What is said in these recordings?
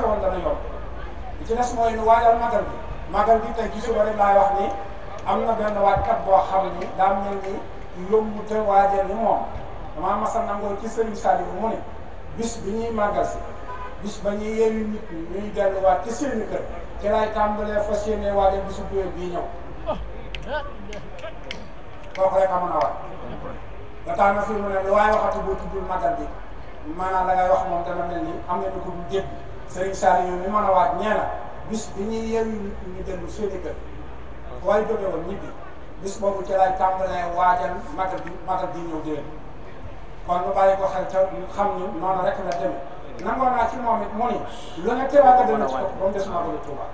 xewoon dana yomb li ci des mooy nu waajal magal bi magal bi tey gisu rek laay wax ni am na benn waajkat boo xam ni daa mel ni yomb te waajal ni moom damaa masa nangoo ci Serigne Saliou mu ne bis bi ñuy màggal si bis ba ñuy yeewi nit ñi ñuy delluwaat ci seeni kër ci laay tàmbalee fas yéene waajal bisu buwéer bii ñëw kooku rek amoon na waaj ba tax na fi mu ne lu waaye waxati boo tuddul màggal bi maa la ngay wax moom dana mel ni am na ñu ko dul dégg Serigne Saliou mi mën a waat ñee na bis bi ñuy yeewu ñu dellu seeni kër waaye jóge woon ñibbi bis boobu ci laay tàmbalee waajal magal bi magal bi ñëw déwén kon nu bàyyi ko xel taw xam ni noonu rek la demee nangoo naa ci moom it mu lu ne teewaat a demee ci ko ba mu des magalu Touba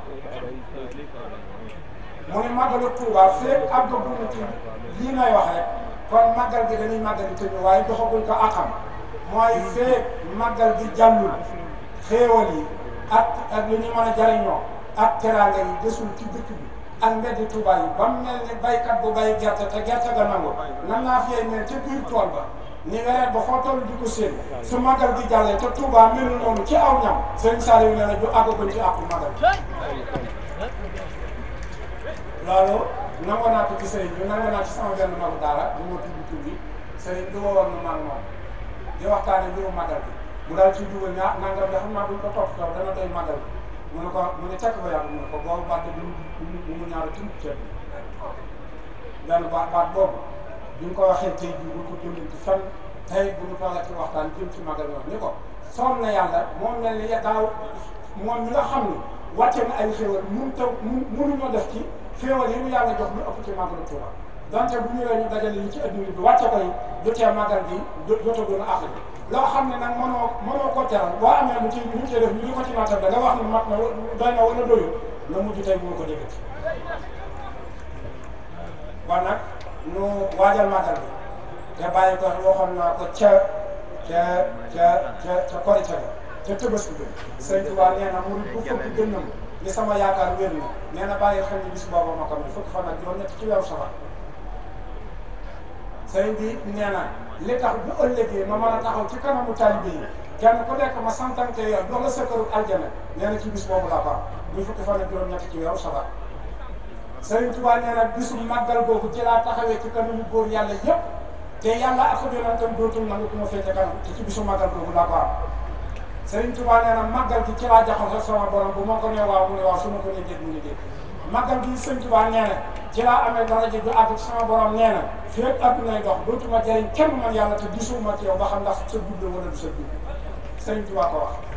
mu ni magalu Touba fépp mu ci lii may wax rek kon magal gi dañuy magal gi tëdd waaye doxagul ko akam mooy fépp magal gi jàllul xéewal yi ak ak li ñu mën a jariñoo ak teraanga yi desul ci dëkk bi ak mbeddi Tuubaa yi ba mu mel ni baykat bu bay gerte te gerte ga nangu nan naa fiyey mel ca biir tool ba ni nawet ba xoo toll di séen su magal gi jàllee te Tuubaa mel noonu ci aw ñam sëñ Saliou ne la ñu àggaguñ ci àqu magal loolu nangu naa ko ci sëriñ bi nangu naa ci sama benn magu daara bu ma tudd tur bi na maag moom di waxtaane mbiru magal bi mu daal ci dugal ñaa nangam yoo xam naa buñ ko topp toog dana doy màggal mu ne ko mu ne tekk ko yàlla mu ne ko boobu bi mu mu ñaar ceeb bi benn ko bu ko jëndee ci fan tey ni ko soom na yàlla moom mel ni daaw moom mi nga xam ni wàcce na ay xéewal mun taw munuñoo def ci xéewal yi mu yàlla jox mu ëpp ci màggalu Tuuba donte bu ñu ñu dajale li ci adduna bi wàcce koy jotee màggal bi jotagul àq bi loo xam ne nag mënoo mënoo ko teral boo amee lu ci lu ci def ñu ko ci naatal da nga wax ne mat na doy na wala doyul na mujj tey boo ko dégati kon nag nu waajal màggal bi te bàyyi ko waxoon naa ko ca ca ca ca ca korite ba te tëbës bi sëñ Tuubaa nee na murid bu fëkk gënnam ni sama yaakaar wér na nee na bàyyi xam ne bis booba ma ko mel fukk fan ak juróom ñett ci weeru safar sëriñ bi nee na li tax bu ëllëgee ma mën a taxaw ci kanamu taalibe yi kenn ku nekk ma santante yow doo nga sa këru aljana nee na ci bis boobu laa baax muy fukki fan ak juróom-ñett ci weeru safar sëriñ Tuubaa nee na bisu màggal ci laa taxawee ci kanamu góor yàlla yëpp te yàlla ak yonentam dootul nangu ku ma féete kanam te ci bisu màggal boobu laa ko am sëriñ Tuubaa na màggal ci laa jaxal sama borom bu ma ko nee waaw mu ne waaw su ko nee déet mu ne déet màggal gi sëñ Tuubaa nee na amee daraja ju àgg sama borom nee na fii rek ak nay dox dootuma jëriñ kenn man yàlla te gisuma ci yow ba xam ndax sa gudd la wala du sa gudd sëñ Tuubaa